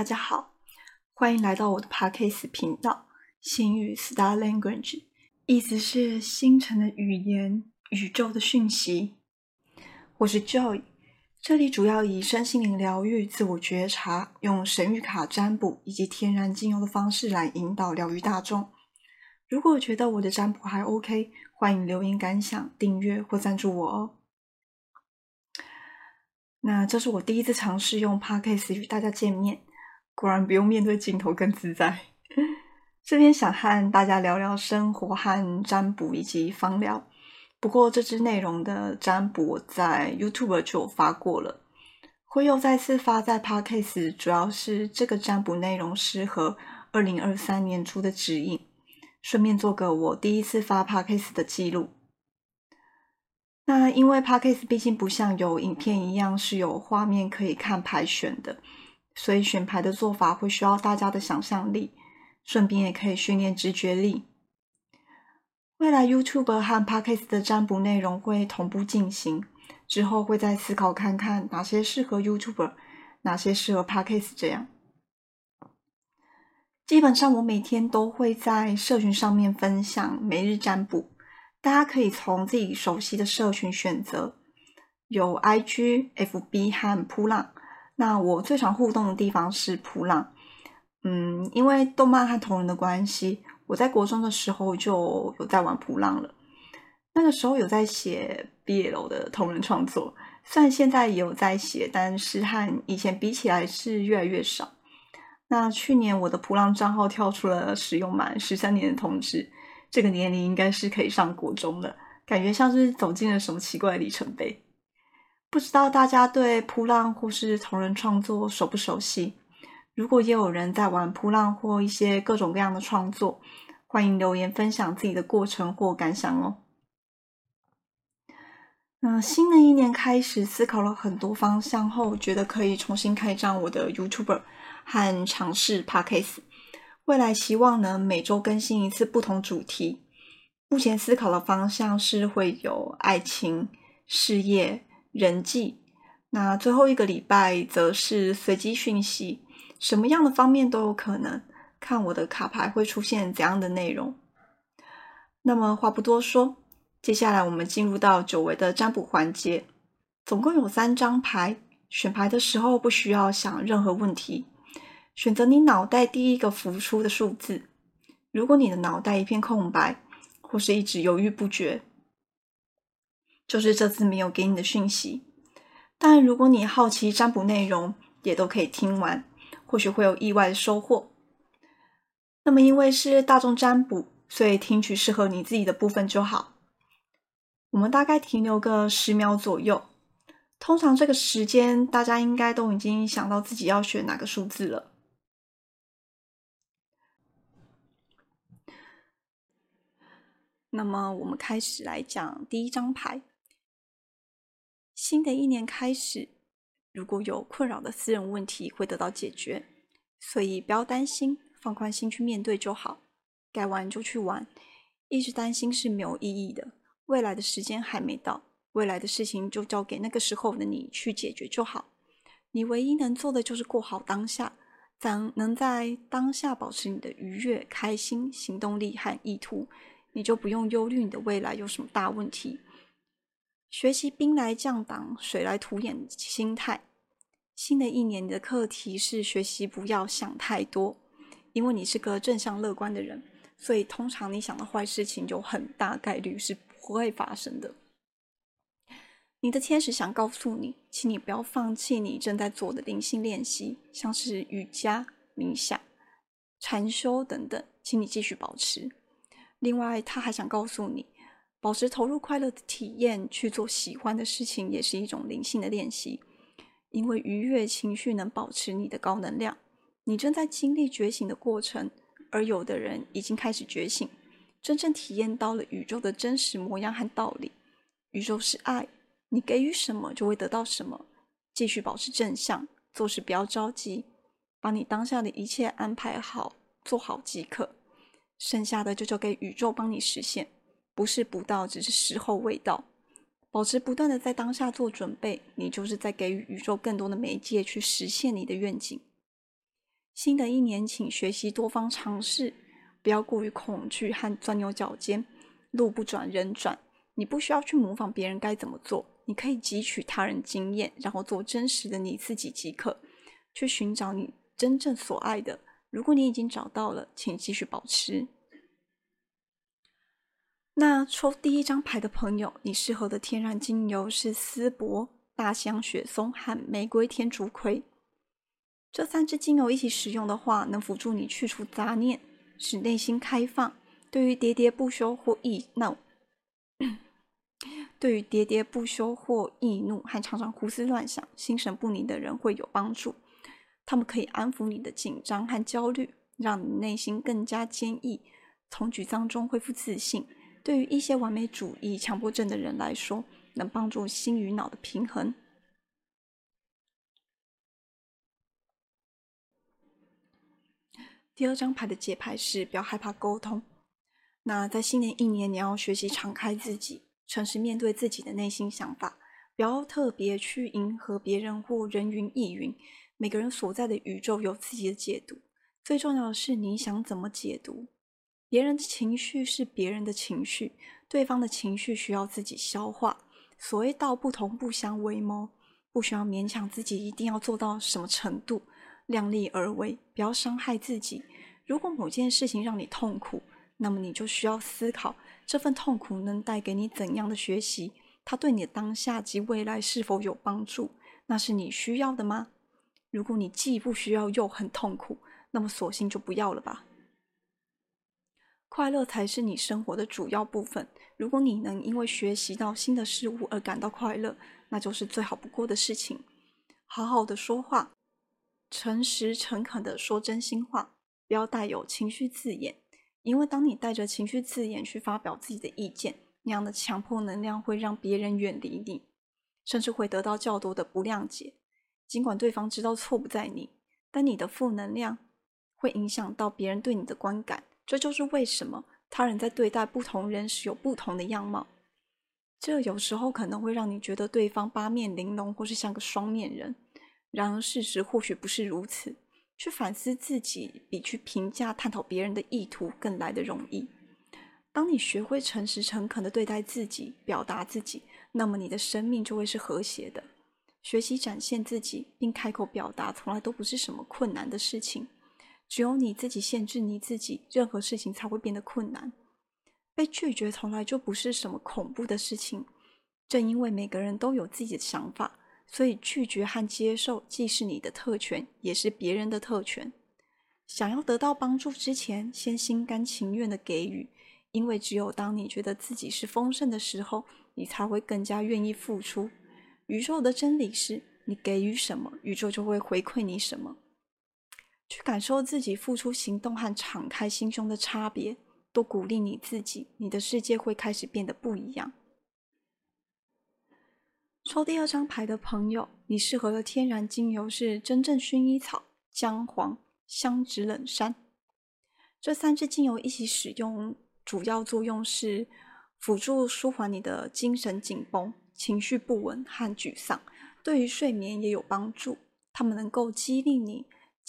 大家好，歡迎來到我的 podcast 頻道“星語 Star Language”，意思是星辰的語言、宇宙的訊息。我是 Joy，這裡主要以身心靈療癒、自我覺察，用神諭卡占卜以及天然精油的方式來引導療癒大眾。如果覺得我的占卜還 OK，歡迎留言感想、訂閱或贊助我哦。那這是我第一次嘗試用 podcast 與大家見面。果然不用面對鏡頭更自在。 這邊想和大家聊聊生活和占卜以及芳療。不過這支內容的占卜我在 YouTube 就有發過了，會又再次發在 Podcast，主要是這個占卜內容適合二零二三年初的指引，順便做個我第一次發 Podcast 的記錄。那因為 Podcast 畢竟不像有影片一樣是有畫面可以看排選的。所以選牌的做法會需要大家的想象力順便也可以訓練直覺力。未來 YouTuber 和 Podcast 的占卜內容會同步進行，之後會再思考看看哪些適合 YouTuber，哪些適合 Podcast。這樣，基本上我每天都會在社群上面分享每日占卜，大家可以從自己熟悉的社群選擇，有 IG、FB 和噗浪那我最常互動的地方是噗浪，嗯，因為動漫和同人的關係，我在國中的時候就有在玩噗浪了。那個時候有在寫 BL 的同人創作，雖然現在也有在寫，但是和以前比起來是越來越少。那去年我的噗浪賬號跳出了使用滿十三年的通知，這個年齡應該是可以上國中的，感覺像是走進了什麼奇怪的里程碑。不知道大家對噗浪或是同人創作熟不熟悉？如果也有人在玩噗浪或一些各種各樣的創作，歡迎留言分享自己的過程或感想哦。那新的一年開始，思考了很多方向後，覺得可以重新開張我的 YouTube 和嘗試 Podcast。未來希望能每周更新一次不同主題。目前思考的方向是會有愛情、事業。人際，那最後一個禮拜則是隨機訊息，什麼樣的方面都有可能，看我的卡牌會出現怎樣的內容。那麼話不多說，接下來我們進入到久違的占卜環節，總共有三張牌，選牌的時候不需要想任何問題，選擇你腦袋第一個浮出的數字。如果你的腦袋一片空白，或是一直猶豫不決，就是這次沒有給你的訊息，但如果你好奇占卜內容，也都可以聽完，或許會有意外的收穫。那麼，因為是大眾占卜，所以聽取適合你自己的部分就好。我們大概停留個十秒左右，通常這個時間大家應該都已經想到自己要選哪個數字了。那麼，我們開始來講第一張牌。新的一年開始，如果有困擾的私人問題會得到解決，所以不要擔心，放寬心去面對就好。該玩就去玩，一直擔心是沒有意義的。未來的時間還沒到，未來的事情就交給那個時候的你去解決就好。你唯一能做的就是過好當下，咱能在當下保持你的愉悅、開心、行動力和意圖，你就不用憂慮你的未來有什麼大問題。學習兵來將擋，水來土掩的心態。新的一年你的課題是學習不要想太多，因為你是個正向樂觀的人，所以通常你想的壞事情有很大概率是不會發生的。你的天使想告訴你，請你不要放棄你正在做的靈性練習，像是瑜伽、冥想、禪修等等，請你繼續保持。另外，他還想告訴你。保持投入快樂的體驗，去做喜歡的事情，也是一種靈性的練習。因為愉悅情緒能保持你的高能量。你正在經歷覺醒的過程，而有的人已經開始覺醒，真正體驗到了宇宙的真實模樣和道理。宇宙是愛，你給予什麼就會得到什麼。繼續保持正向，做事不要着急，把你當下的一切安排好、做好即可，剩下的就交給宇宙幫你實現。不是不到，只是時候未到。保持不斷的在當下做準備，你就是在給予宇宙更多的媒介去實現你的願景。新的一年，請學習多方嘗試，不要過於恐懼和鑽牛角尖。路不轉人轉，你不需要去模仿別人該怎麼做，你可以汲取他人經驗，然後做真實的你自己即可。去尋找你真正所愛的，如果你已經找到了，請繼續保持。那抽第一張牌的朋友，你適合的天然精油是絲柏、大西洋雪松和玫瑰天竺葵。這三支精油一起使用的話，能輔助你去除雜念，使內心開放。對於喋喋不休或易怒、no， 對於喋喋不休或易怒，還常常胡思亂想、心神不寧的人會有幫助。他們可以安撫你的緊張和焦慮，讓你內心更加堅毅，從沮喪中恢復自信。對於一些完美主義、強迫症的人來說，能幫助心與腦的平衡。第二張牌的解牌是不要害怕溝通。那在新年一年，你要學習敞開自己，誠實面對自己的內心想法，不要特別去迎合別人或人云亦云。每個人所在的宇宙有自己的解讀，最重要的是你想怎麼解讀。別人的情緒是別人的情緒，對方的情緒需要自己消化。所謂“道不同不相為謀”，不需要勉強自己一定要做到什麼程度，量力而為，不要傷害自己。如果某件事情讓你痛苦，那麼你就需要思考這份痛苦能帶給你怎樣的學習，它對你的當下及未來是否有幫助？那是你需要的嗎？如果你既不需要又很痛苦，那麼索性就不要了吧。快樂才是你生活的主要部分。如果你能因為學習到新的事物而感到快樂，那就是最好不過的事情。好好的說話，誠實誠懇的說真心話，不要帶有情緒字眼。因為當你帶着情緒字眼去發表自己的意見，那樣的強迫能量會讓別人遠離你，甚至會得到較多的不諒解。儘管對方知道錯不在你，但你的負能量會影響到別人對你的觀感。這就是為什麼他人在對待不同人時有不同的樣貌，這有時候可能會讓你覺得對方八面玲瓏或是像個雙面人。然而事實或許不是如此。去反思自己，比去評價、探討別人的意圖更來得容易。當你學會誠實、誠懇地對待自己、表達自己，那麼你的生命就會是和諧的。學習展現自己並開口表達，從來都不是什麼困難的事情。只有你自己限制你自己，任何事情才會變得困難。被拒絕從來就不是什麼恐怖的事情，正因為每個人都有自己的想法，所以拒絕和接受既是你的特權，也是別人的特權。想要得到幫助之前，先心甘情願地給予，因為只有當你覺得自己是豐盛的時候，你才會更加願意付出。宇宙的真理是，你給予什麼，宇宙就會回饋你什麼。去感受自己付出行動和敞開心胸的差別，多鼓勵你自己，你的世界會開始變得不一樣。抽第二張牌的朋友，你適合的天然精油是真正薰衣草、薑黃、香脂冷杉。這三支精油一起使用，主要作用是輔助舒緩你的精神緊繃、情緒不穩和沮喪，對於睡眠也有幫助。它們能夠激勵你。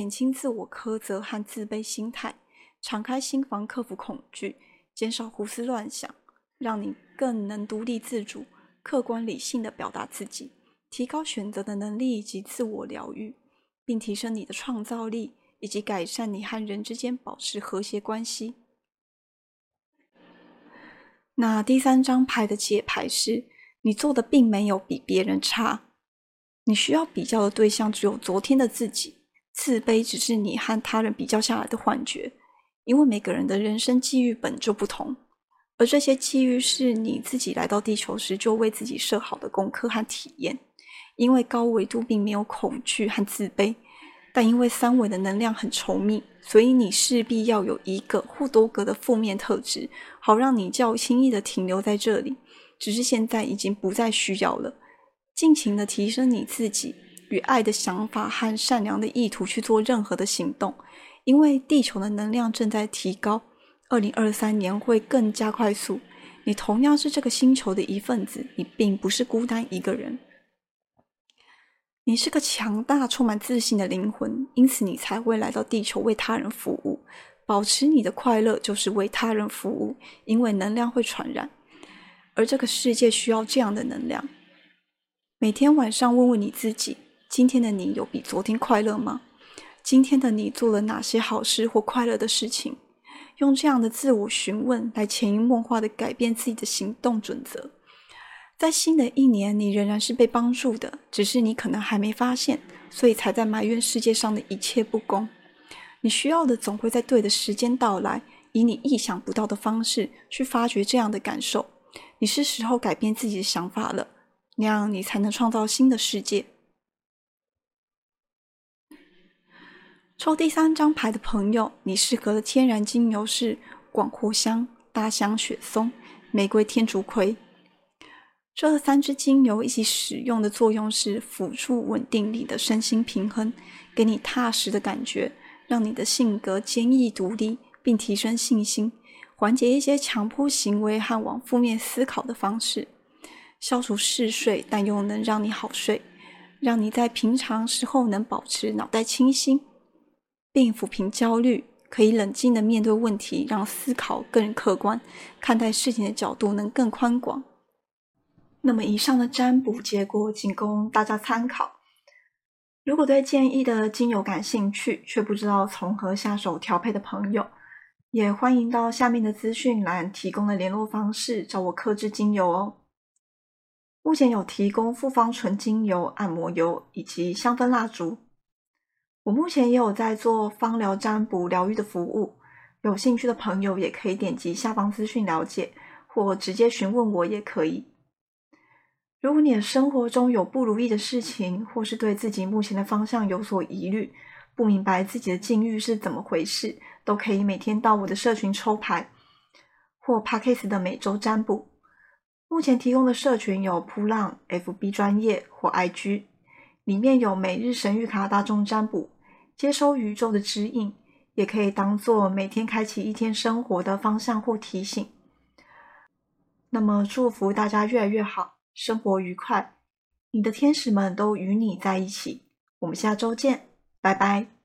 減輕自我苛責和自卑心態，敞開心房，克服恐懼，減少胡思亂想，讓你更能獨立自主、客觀理性地表達自己，提高選擇的能力以及自我療癒，並提升你的創造力，以及改善你和人之間保持和諧關係。那第三張牌的解牌是：你做的並沒有比別人差，你需要比較的對象只有昨天的自己。自卑只是你和他人比較下來的幻覺，因為每個人的人生際遇本就不同，而這些際遇是你自己來到地球時就為自己設好的功課和體驗。因為高維度並沒有恐懼和自卑，但因為三維的能量很稠密，所以你勢必要有一個或多個的負面特質，好讓你較輕易的停留在這裡。只是現在已經不再需要了，盡情的提升你自己。與愛的想法和善良的意圖去做任何的行動，因為地球的能量正在提高，2023年會更加快速。你同樣是這個星球的一份子，你並不是孤單一個人，你是個強大、充滿自信的靈魂，因此你才會來到地球為他人服務。保持你的快樂就是為他人服務，因為能量會傳染，而這個世界需要這樣的能量。每天晚上問問你自己。今天的你有比昨天快樂嗎？今天的你做了哪些好事或快樂的事情？用這樣的自我詢問來潛移默化的改變自己的行動準則。在新的一年，你仍然是被幫助的，只是你可能還沒發現，所以才在埋怨世界上的一切不公。你需要的總會在對的時間到來，以你意想不到的方式去發掘這樣的感受。你是時候改變自己的想法了，那樣你才能創造新的世界。抽第三張牌的朋友，你適合的天然精油是廣藿香、大西洋雪松、玫瑰天竺葵。這三支精油一起使用的作用是輔助穩定你的身心平衡，給你踏實的感覺，讓你的性格堅毅獨立，並提升信心，緩解一些強迫行為和往負面思考的方式，消除嗜睡，但又能讓你好睡，讓你在平常時候能保持腦袋清新，並撫平焦慮，可以冷靜的面對問題，讓思考更客觀，看待事情的角度能更寬廣。那麼，以上的占卜結果僅供大家參考。如果對建議的精油感興趣，卻不知道從何下手調配的朋友，也歡迎到下面的資訊欄提供的聯絡方式找我客製精油哦。目前有提供複方純精油、按摩油以及香氛蠟燭。我目前也有在做芳療、占卜、療癒的服務，有興趣的朋友也可以點擊下方資訊了解，或直接詢問我也可以。如果你的生活中有不如意的事情，或是對自己目前的方向有所疑慮，不明白自己的境遇是怎麼回事，都可以每天到我的社群抽牌，或 Podcast 的每周占卜。目前提供的社群有噗浪、FB 專業或 IG，裡面有每日神諭卡、大眾占卜。接收宇宙的指引，也可以當做每天開啟一天生活的方向或提醒。那麼，祝福大家越來越好，生活愉快，你的天使們都與你在一起。我們下周見，拜拜。